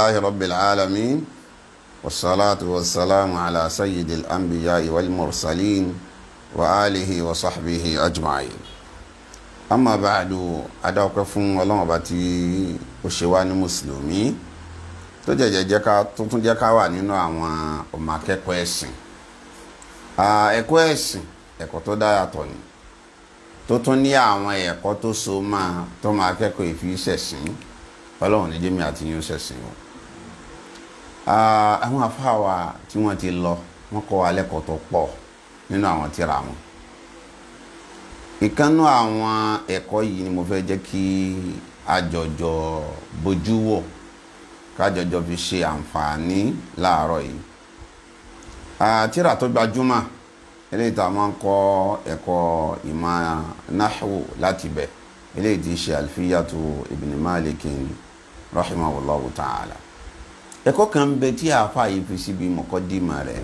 الله رب العالمين والصلاة والسلام على سيد الأنبياء والمرسلين وآله وصحبه أجمعين أما بعد أدعوك فون الله باتي أشواني مسلمي tó jẹjẹ jẹ ká tó tún jẹ ká wà nínú àwọn ọmọ akẹ́kọ̀ọ́ ẹ̀sìn ẹ̀kọ́ ẹ̀sìn ẹ̀kọ́ tó dára tọ ni tó tún ní àwọn ẹ̀kọ́ tó so máa tó máa kẹ́kọ̀ọ́ ìfi ṣẹ̀sìn Ọlọ́run ní jẹmi àti yín ṣẹ̀sìn o àwọn afáwa tí wọ́n ti lọ wọ́n kọ́ wa lẹ́kọ̀ọ́ tó pọ̀ nínú àwọn tírà wọn ìkànnú àwọn ẹ̀kọ́ yìí ni mo fẹ́ jẹ́ kí àjọjọ bójú wò kájọjọ fi ṣe àǹfààní láàárọ̀ yìí tírà tó gbajúmọ̀ eléyìí tá a máa ń kọ́ ẹ̀kọ́ ìmọ̀ nahwu láti bẹ̀ eléyìí tí ṣe alfiyatu ibn malikin rahimahullahu ta'ala ẹ̀kọ́ kan ń bẹ tí àáfà yìí fi síbi mọ̀kọ́dìmọ̀ rẹ̀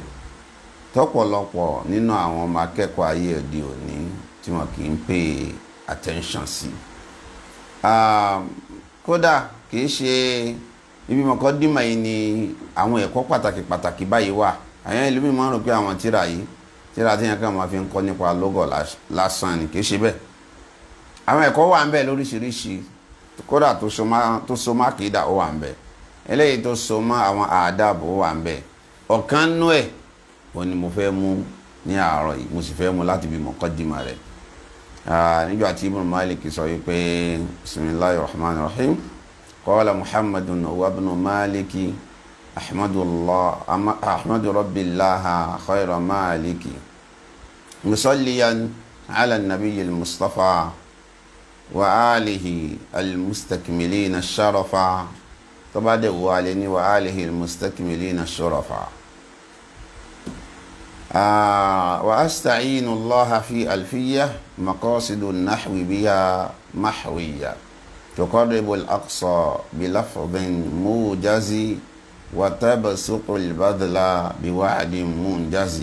tọ́pọ̀lọpọ̀ nínú àwọn ọmọ akẹ́kọ̀ọ́ ayé òde òní tí wọ́n kì í pay attention sí. kódà kì í ṣe ibi mọ̀kọ́dìmọ̀ yìí ni àwọn ẹ̀kọ́ pàtàkì pàtàkì báyìí wà àyàn ìlú mi máa ń rò pé àwọn tíra yìí tíra tí yẹn kàn máa fi ń kọ́ nípa lọ́gọ̀ lásán ni kì í ṣe bẹ́ẹ̀. àwọn ẹ̀kọ́ wà ń bẹ lóríṣiríṣi kódà tó so má kì í dà ó wà ń bẹ́ẹ̀ eléyìí tó so mọ́ àwọn àdáàbò wà ń bẹ̀ ọ̀kan nú ẹ̀ ò ní mo fẹ́ mú ní àárọ̀ yìí mo sì fẹ́ mú láti bí mọ̀kọ́dìmọ̀ rẹ̀ nígbà tí ibùn malik sọ wípé bisimilahi rahman rahim qala muhammadun wabnu maliki ahmadu rabbillaha khayra maliki musalliyan ala nabiyyi mustafa wa alihi al sharafa. طبعا وعليني وعاله المستكملين الشرفاء آه، وأستعين الله في ألفية مقاصد النحو بها محوية تقرب الأقصى بلفظ موجز وتبسق البذل بوعد منجز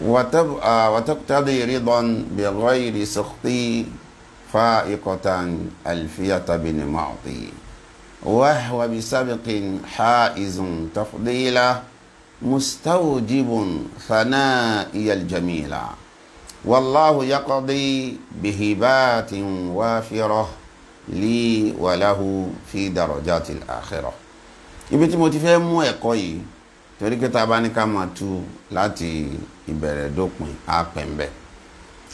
وتقتضي رضا بغير سخطي فائقة ألفية بن معطي وهو بسبق حائز تفضيلا مستوجب ثنائي الجميلة والله يقضي بهبات وافرة لي وله في درجات الآخرة ibi mo ti fẹ́ mú ẹ̀kọ́ yìí torí pé tá máa tú láti ìbẹ̀rẹ̀ dópin àpẹ̀mbẹ̀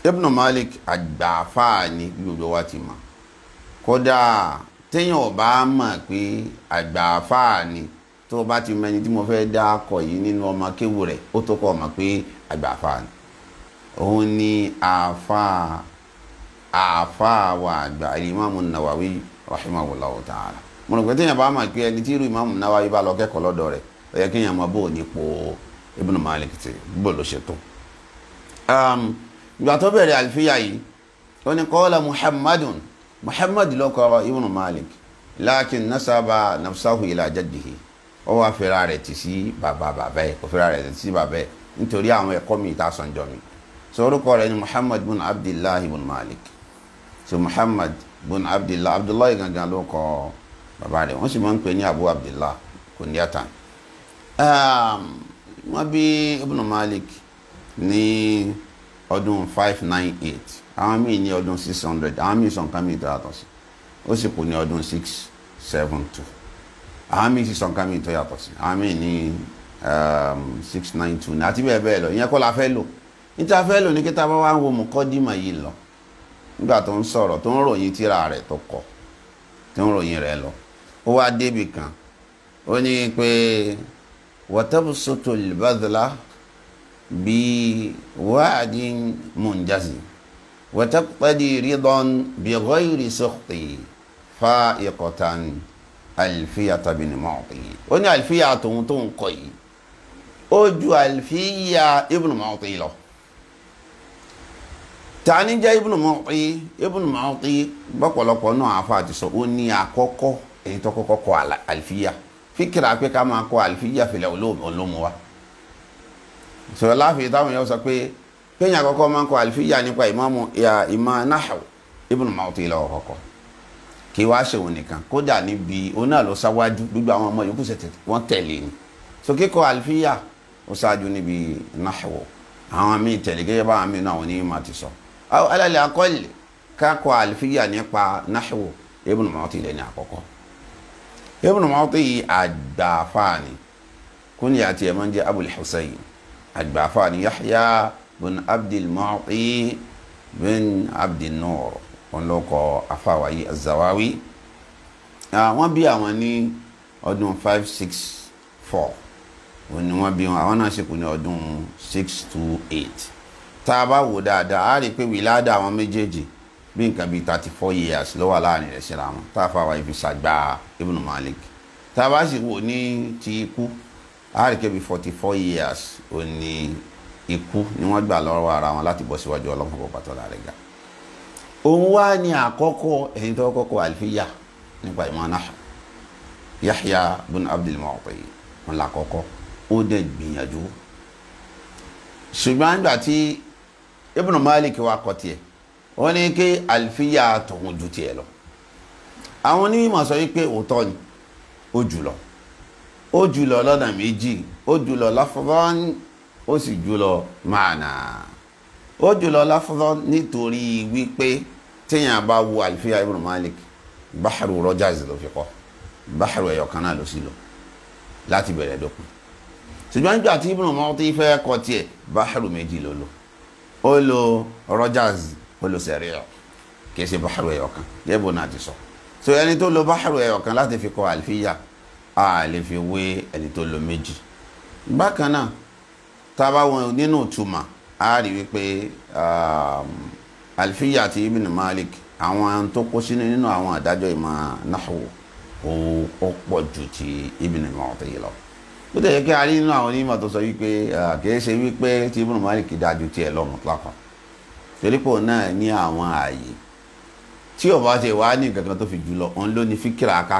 Ibn Malik àgbàfáà ni gbogbo wa ti mọ̀ kódà téèyàn ò bá mọ̀ pé àgbà àfáà ni tó bá ti mẹni tí mo fẹ́ dá akọ yìí nínú ọmọ kéwù rẹ̀ ó tó kọ́ mọ̀ pé àgbà àfáà ni òun ni àfáà àfáà wa àgbà Imam Nawawi rahimahullahu ta'ala mo rò pé téèyàn bá mọ̀ pé ẹni tí irú Imam Nawawi bá lọ kẹ́kọ̀ọ́ lọ́dọ̀ rẹ̀ ó yẹ kéèyàn mọ bó o nípo Ibn Malik ti bó ló ṣe tó ìgbà tó bẹ̀rẹ̀ àlùfíà yìí ó ní qala Muhammadun muhammad ló kọrọ ibn malik lakin nasaba nafsahu ila jaddihi ó wá fira rẹ̀ tì sí bàbá bàbá ẹ̀ kò fira rẹ̀ tì sí bàbá ẹ̀ nítorí àwọn ẹ̀kọ́ mi ìta sọ̀njọ́ mi so orúkọ rẹ̀ ni muhammad bin abdullah ibn malik so muhammad bin abdullah abdullah gangan ló kọ bàbá rẹ̀ wọ́n sì máa ń pè ní abu abdullah kò ní yàtàn ehm, wọ́n bí ibn malik ní ọdún 598 àwọn míì ní ọdún six hundred àwọn míì sọ̀nkan míì tó yàtọ̀ sí ó sì kù ní ọdún six seven two àwọn míì sì sọ̀nkan míì tó yàtọ̀ sí àwọn míì ní um, six nine two àti bẹ́ẹ̀ bẹ́ẹ̀ lọ ìyẹn kọ́ la fẹ́ lò níta fẹ́ lò ní kí tá bá wá ń wo mọ̀kọ́dìmà yìí lọ nígbà tó ń sọ̀rọ̀ tó ń ròyìn tíra rẹ̀ tó kọ tó ń ròyìn rẹ̀ lọ ó wá débì kan ó ní pé wọ́tẹ́bùsọ̀tò lìbàdàlà bíi wáàdì mùnjásìn وتقتدي رضا بغير سخط فائقة ألفية بن معطي وني الفية تونتون قي أجو الفية ابن معطي له tani jẹ́ ibùnú mọ́tí ibùnú mọ́tí bọ́pọ̀lọpọ̀ náà àfàtì sọ ó ní àkọ́kọ́ èyí tó kọ́kọ́ kọ àlfíà fíkìrà pé ká máa kọ àlfíà fìlẹ̀ olóòmù sọ̀rọ̀ láàfin táwọn yóò sọ pé kéèyàn àkọ́kọ́ máa ń kọ àlùfíyà nípa ìmáàmù ìmọ̀ náhù ibùn mọ́tò ìlà ọ̀kọ̀ọ̀kọ̀ kí wàá ṣèwọ̀n nìkan kódà níbi òun gbogbo àwọn ọmọ yòókù ṣètè wọ́n tẹ̀lé ni so kíkọ àlùfíyà ó ṣáájú níbi náhù àwọn míì tẹ̀lé gẹ́gẹ́ bá míì náà wọ́n ní ìmọ̀ ti sọ alálẹ̀ akọ́lẹ̀ kákọ àlùfíyà nípa náhù ibùn mọ́tò ìlẹ̀ ní àkọ́kọ́ ibùn mọ́tò yìí àgbàfáà ni kúnyà máa ń jẹ́ abul husayn àgbàfáà ni bin abdul mu'ti bin abdul nur wọn ló kọ afáwáyé azawawi àwọn bí àwọn ní ọdún five six four wọn ni wọn bí wọn àwọn náà ṣèkú ní ọdún six two eight tá a bá wò dáadáa a rí i pé wìládà àwọn méjèèjì bí nǹkan bíi thirty four years ló wà láàrin rẹ̀ síra wọn tá a fa wa ìfisà gba Ibn Malik tá a bá sì wò ní ti ikú a rí i pé bíi forty four years ò ní ikú ni wọ́n gbà lọ́wọ́ ara wọn láti bọ́ síwájú ọlọ́run bọ̀ pàtó lára ga òun wá ní àkọ́kọ́ ẹ̀yìn tó kọ́kọ́ àlùfíyà nípa ìmọ̀ náà Yahya bin Abdul Mu'ti wọn là kọ́kọ́ ó dẹ̀ gbìyànjú ṣùgbọ́n nígbà tí Ibn Malik wa kọ́ tiẹ̀ wọ́n ní kí àlùfíyà tòun ju tiẹ̀ lọ àwọn onímọ̀ sọ wípé òótọ́ ni ó jùlọ ó jùlọ lọ́nà méjì ó jùlọ lafdhan ó sì jùlọ màánà ó jùlọ láfọ́fọ́ nítorí wípé téèyàn bá wo àlùfíà ibn malik báhàrù rogers ló fi kọ́ báhàrù ẹ̀yọ̀ kan náà ló sì lọ láti bẹ̀rẹ̀ dópin ṣùgbọ́n nígbà tí ibn mọ́tí fẹ́ kọ tiẹ̀ báhàrù méjì ló lò ó lo rogers ó lo sẹ̀ríà kìí ṣe báhàrù ẹ̀yọ̀ kan gẹ́gbó náà ti sọ so ẹni tó lo báhàrù ẹ̀yọ̀ kan láti fi kọ àlùfíà a fi wé ẹni tó lo méjì bákan náà tába wọn nínú ìtumà a rí wípé um, alfiya àti ibn malik àwọn tó kó sínú nínú àwọn àdájọ́ ìmọ̀ nahwu ó pọ̀ ju ti ibn mu'ti lọ ó tẹ̀yẹ kí a rí nínú àwọn onímọ̀ tó sọ wípé kìí ṣe wípé tí ibn malik dájú tiẹ̀ lọ́mù lápapọ̀ torí pé òun náà ní àwọn ààyè tí ó ti wá ní nǹkan tó fi jù lọ òun ló ní fíkìrà ká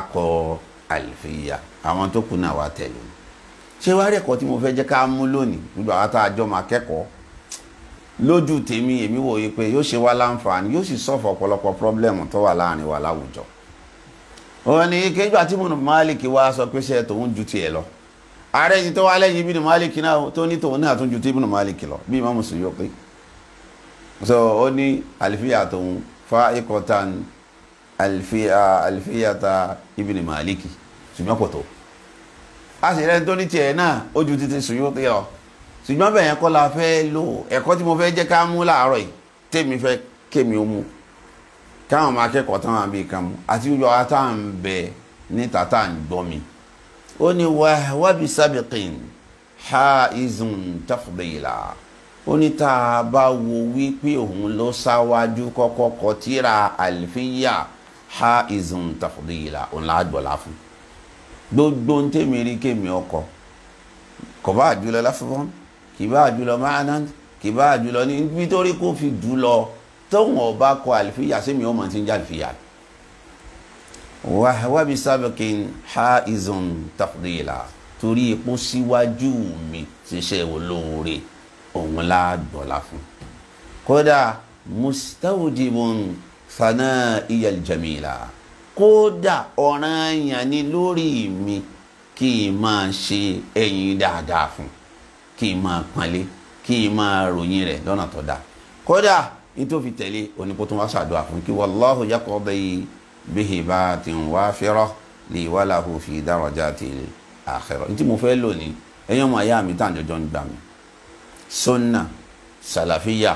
alfiya àwọn tó kù náà wá tẹ̀lé ṣé wá rí ẹ̀kọ́ tí mo fẹ́ jẹ́ ká mú lónìí gbogbo àwọn tá a jọ máa kẹ́kọ̀ọ́ lójú tèmi èmi wòye pé yóò ṣe wá láǹfààní yóò sì sọ̀fọ̀ ọ̀pọ̀lọpọ̀ pírọ́blẹ̀mù tó wà láàrin wa láwùjọ òun ni kéjọ àti Ibn Malik wá sọ pé ṣe tòun ju tiẹ̀ lọ ààrẹ yìí tó wá lẹ́yìn Ibn Malik náà tó ní tòun náà tún ju ti Ibn Malik lọ bí Imam Suyuti so ó ní àlìfíà tòun fa ikọ̀tàn àlìfíà àlìfíà ta Ibn Malik ṣùgbọ́n kò tó a sì rẹ́ni tó ní tiẹ̀ náà ó ju títí sùyúti lọ ṣùgbọ́n bẹ̀yẹn kọ́ la fẹ́ lò ẹ̀kọ́ tí mo fẹ́ jẹ́ ká mú láàárọ̀ yìí tèmi fẹ́ kémi ó mú káwọn máa kẹ́kọ̀ọ́ tán àbí kan mú àti yíyọ ata ń bẹ níta tá à ń gbọ́ mi ó ní wábi sábìkìn ha izun tafbila ó ní tá a bá wo wípé òun ló ṣáwájú kọ́kọ́ kọtíra àlìfíyà ha izun tafbila òun là á gbọ́lá fún gbogbo ń tèmi rí kémi ọkọ kò bá àjùlọ láfífọ́n kì bá àjùlọ máàná kì bá àjùlọ ní nítorí kó fi jù lọ tóun ọba kọ àlìfíyà sẹ́mi ọmọ tí ń jẹ́ àlìfíyà wàhábí sábẹ̀kín ha ìzùn tàfùdíyìlá torí epo síwájú mi ṣiṣẹ́ olóore òun láàgbọ̀lá fún kódà mustawjibun sana iyal jamila kódà ọ̀ràn àyàn ni lórí mi kí n máa ṣe ẹ̀yìn dáadáa fún kí n máa pọ́nlé kí n máa ròyìn rẹ̀ lọ́nà tó dáa kódà nítorí fi tẹ̀lé onípótó wá ṣàdúrà fún kí wallahu yaqdi bihi batin wafira li walahu fi darajatil akhirah ní tí mo fẹ́ lò ní ẹ̀yàn ọmọ ayá mi tá à ń jọjọ́ ń gbà mí sunna salafiya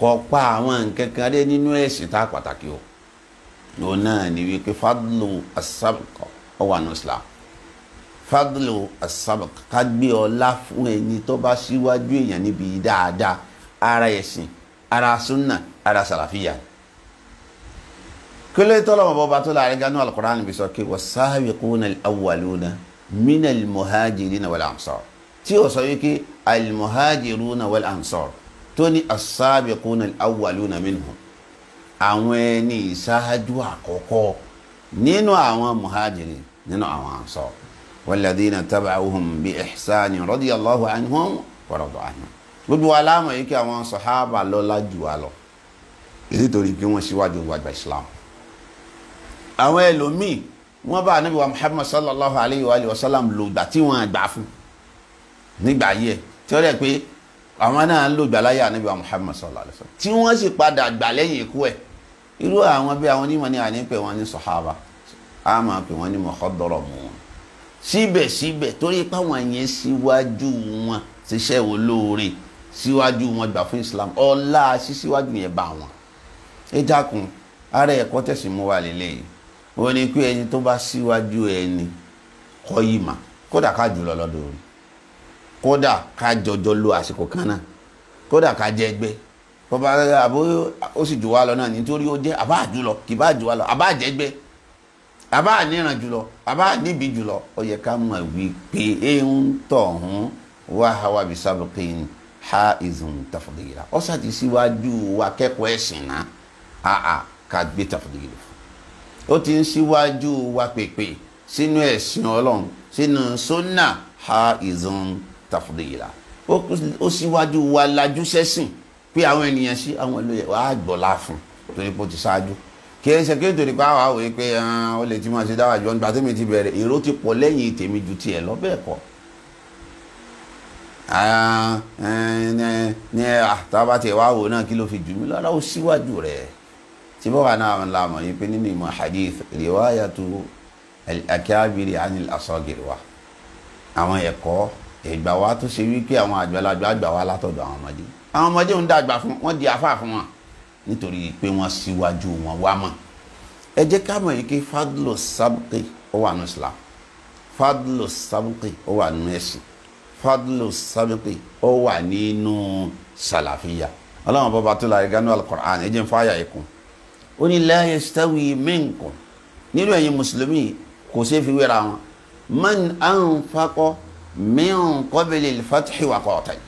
kọ́ pa àwọn nǹkan kan dé nínú ẹ̀sìn tá a pàtàkì o lòun náà ni wípé fadlu asabq ọwà nù islam fadlu asabq ká gbé ọlá fún ẹni tó bá síwájú èèyàn níbi dáadáa ara ẹ̀sìn ara sunna ara sàlàfíà kílẹ̀ tọ́lọ̀ mọ̀ bọ́ba tó láàrin ganu alukur'an bí sọ pé was-sabiquna al-awwaluna min al-muhajirina wal-ansar tí o sọ wípé al-muhajiruna wal-ansar tó ní as-sabiquna al-awwaluna minhum àwọn ẹni ìṣáájú àkọ́kọ́ nínú àwọn muhajirin nínú àwọn ansar walladhina taba'uhum bi ihsani radiyallahu anhum wa radu anhum gbogbo aláàmọ̀ yìí kí àwọn sàhábà lọ́lá jù wá lọ nítorí pé wọ́n síwájú gbàgbà islam àwọn ẹlòmíì wọ́n bá anábì wa muhammad sallallahu alayhi wa sallam lò gbà tí wọ́n gbà fún nígbà yẹ tí ó rẹ̀ pé àwọn náà ń lò láyé anábì wa muhammad sallallahu alayhi wa sallam tí wọ́n sì padà gbà lẹ́yìn ikú ẹ̀ irú àwọn bí àwọn onímọ̀ ní àní pè wọ́n ní sọ̀hábà á máa pè wọ́n ní mọ̀kọ́dọ̀rọ̀ mú wọn síbẹ̀síbẹ̀ torí páwọn yẹn síwájú wọn ṣiṣẹ́ wọn lóore síwájú wọn gbà fún Islam ọlá sísíwájú yẹn bá wọn ẹ dákun ara ẹ̀kọ́ tẹ̀sí mú wa lélẹ́yìí ó ní pé ẹni tó bá síwájú ẹni kọ́ yìí mà kódà ká jùlọ lọ́dọ̀ kódà ká jọjọ lo àsìkò kan náà kódà ká jẹ bọ́ba àbó ó sì jù wá lọ náà nítorí ó jẹ́ àbá àjù lọ kì bá jù wá lọ àbá àjẹgbẹ́ àbá àníran jùlọ àbá àníbi jùlọ ó yẹ ká mọ̀ wípé ehun tọ̀hún wá hawa bisabukin ha izun tafadìgìlà ó ṣàti síwájú wa kẹ́kọ̀ọ́ ẹ̀sìn náà àà ká gbé tafadìgìlà fún ó ti ń síwájú wa pèpè sínú ẹ̀sìn ọlọ́run sínú sunna ha izun tafadìgìlà ó síwájú wa lajú sẹ́sìn pé àwọn ènìyàn sí àwọn ìlú yẹn wàá gbọ́lá fún torí pé ó ti ṣáájú kì í ṣe kí nítorí pé àwọn àwòrán pé ó lè ti máa ṣe dáwà jù ọ̀nà tèmi ti bẹ̀rẹ̀ èrò ti pọ̀ lẹ́yìn tèmi ju tiẹ̀ lọ bẹ́ẹ̀ kọ́ ní àtàbà tí wàá wò náà kí ló fi jù mí lọ́dọ̀ ó síwájú rẹ̀ tí bọ́wà náà la mọ̀ yìí pé nínú ìmọ̀ hadith riwayatu al-akabiri anil asagir àwọn ẹ̀kọ́ ìgbà wa tó ṣe wípé àwọn àgbàlagbà àgbà wa látọ̀dọ̀ àwọn ọmọdé àwọn ọmọdé ń dàgbà fún wọn di afá fún wọn nítorí pé wọn síwájú wọn wá mọ̀ ẹ jẹ́ ká mọ̀ yìí kí fadlo sabqi ó wà nù islam fadlo sabqi ó wà nù ẹ̀sìn fadlo sabqi ó wà nínú sàlàfíà ọlọ́run bọ́ba tó la ẹ̀gá ní alukur'an ẹ ń fáyà ikùn ó ní la yastawi minkum nínú ẹ̀yin mùsùlùmí kò ṣeé fi wéra wọn man anfaqa min qabli al-fathi wa qatal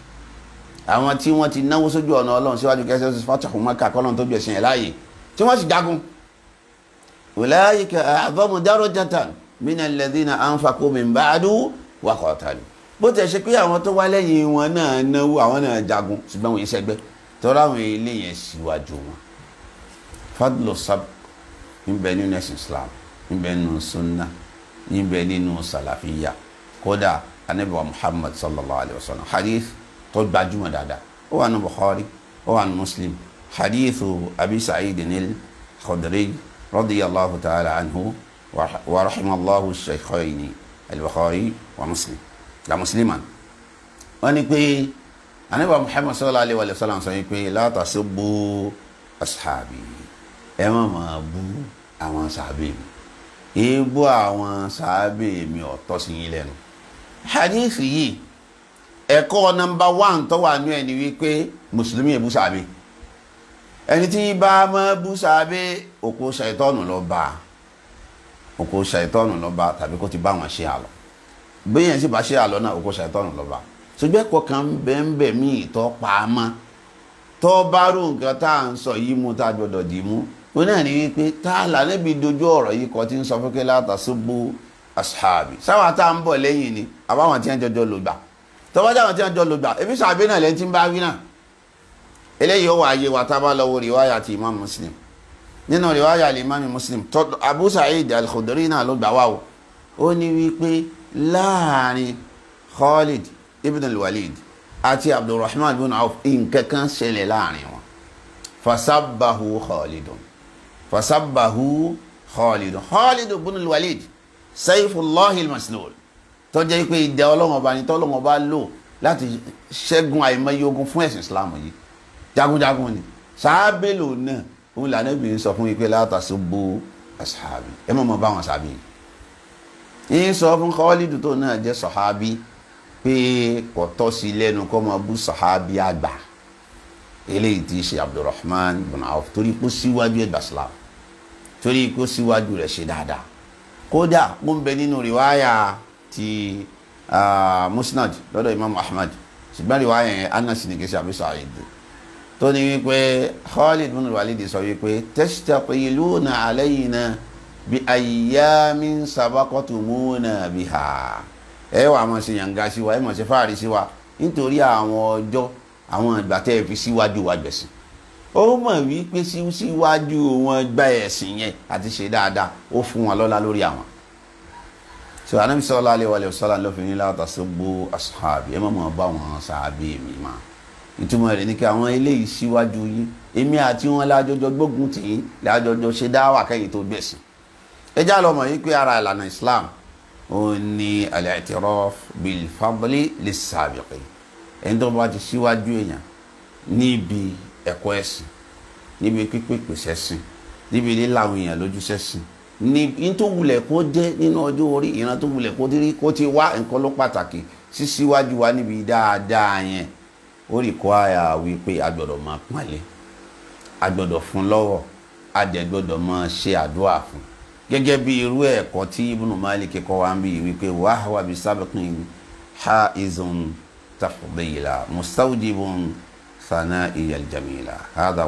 àwọn tí wọ́n ti náwó sójú ọ̀nà ọlọ́run síwájú kẹsẹ̀ ọ̀sẹ̀ fàtàkùn mọ́kà kọ́lọ́n tó jù ẹ̀sìn ẹ̀ láàyè tí wọ́n sì jagun. ulaika a'zamu darajatan mina alladhina anfaqu min ba'du wa qatalu. bó tẹ̀ ṣe pé àwọn tó wá lẹ́yìn wọn náà náwó àwọn náà jagun ṣùgbọ́n wọn ìṣẹ́gbẹ́ tọ́lá àwọn ilé yẹn síwájú wọn. fadlu sab tó gbajúmọ̀ dáadáa ó wà nù Bukhari ó wà nù Muslim hadithu Abi Sa'id al-Khudri radiyallahu ta'ala anhu wa rahimallahu shaykhayni al-Bukhari wa Muslim la musliman wọ́n ní pé anábà Muhammad sallallahu alayhi wa sallam sọ yìí pé la tasubbu ashabi ẹ má máa bú àwọn sàábì mi èébú àwọn sàábì mi ọ̀tọ́ sí yín lẹ́nu hadith yìí ẹ̀kọ́ nọmba one tó wà ní ẹni wípé mùsùlùmí èbú ẹni tí bá mọ́ bú òkú ṣàìtọ́nù lọ bá òkú ṣàìtọ́nù lọ bá tàbí kó ti bá wọn ṣe àlọ́ bẹ́yẹn bá ṣe àlọ́ náà òkú ṣàìtọ́nù lọ bá pa á mọ́ tó bá nǹkan tá à ń sọ yìí mú tá a gbọdọ̀ dì mú náà ní wípé tá a là níbi dojú ọ̀rọ̀ yìí kọ́ tí ń sọ ni àbáwọn tí wọ́n lò tọ́wọ́ jáwọn tí wọ́n jọ lògbà ebi sàbí náà lẹ́ni tí ń bá wí náà eléyìí ó wà ayé wa tá a bá lọ wo rìwáyà ti imam muslim nínú rìwáyà lè imam muslim abu sa'id al-khudri náà ló gbà wá o ó ní wípé láàrin khalid ibn walid àti abdulrahman ibn auf nǹkan ṣẹlẹ̀ láàrin wọn fasabahu khalidun fasabahu khalidun khalid ibn walid sayfullahi maslul tó jẹ́ pé ìdá ọlọ́run ọba ni tọ́lọ́run ọba lò láti ṣẹ́gun àìmọye ogun fún ẹ̀sìn islam yìí jagunjagun ni sáábélò náà òun lànà ìbìrin sọ fún ipe látàsí bo asahabi ẹ mọ̀ mọ̀ bá wọn sábì yìí sọ fún kọ́ọ́lìdù tó náà jẹ́ sọ̀hábí pé kò tọ́ sí lẹ́nu kó máa bú sọ̀hábí àgbà eléyìí ti ṣe abdulrahman ibn Awf torí kó síwájú ẹgbà islam torí kó síwájú rẹ̀ ṣe dáadáa kódà ó ń bẹ nínú rìwáyà ti musnad lọ́dọ̀ imam ahmad ṣùgbọ́n ìwà yẹn anas ní kìí ṣe àbí sa'id tó ní wípé khalid bin walid sọ wípé tastaqiluna alayna bi ayyamin sabaqtumuna biha ẹ wà máa ṣe yànga sí wa ẹ máa ṣe fáàrí sí wa nítorí àwọn ọjọ́ àwọn ìgbà tẹ́ ẹ fi síwájú wa gbẹ̀sìn ó mọ̀ wípé síwájú wọn gba yẹn àti ṣe dáadáa ó fún wọn lọ́lá lórí àwọn so anabi sallallahu alayhi wa sallam ló fi ní la tasubbu ashabi ẹ má mọ̀ bá wọn sàábì mi mà ìtumọ̀ rẹ̀ ni kí àwọn eléyìí síwájú yín èmi àti wọn lájọjọ gbógun tì yín lájọjọ ṣe dáwà kẹ́yìn tó gbẹ̀sìn ẹ já lọ mọ̀ yín pé ara ìlànà Islam ó ní al-i'tiraf bil fadli lis-sabiqin ẹni tó bá ti síwájú èèyàn níbi ẹ̀kọ́ ẹ̀sìn níbi pípé pèsè ẹ̀sìn níbi lílàwọn èèyàn lójúṣẹ́sìn ní tó wulẹ̀ kó jẹ́ nínú ọjọ́ orí ìran tó wulẹ̀ kó dérí kó ti wá nǹkan ló pàtàkì sísíwájú wa níbi dáadáa yẹn ó rí kó àyà wípé a gbọ́dọ̀ máa pọ́nlé a gbọ́dọ̀ fún lọ́wọ́ a máa ṣe àdúrà fún gẹ́gẹ́ bí irú ẹ̀kọ́ tí Ibn Malik kọ́ wa ń bí wípé wàhálà bíi sábẹ́kùn ha izun tafdila mustaujibun sana iyal jamila hada